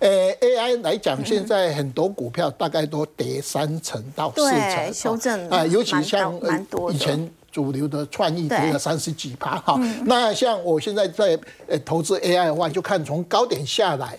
呃 AI 來講，現在很多股票大概都跌三成到四成，修正啊，尤其像以前主流的創意跌了三十幾趴，哈、嗯，那像我現在在呃投資 A.I. 的話，就看從高點下來。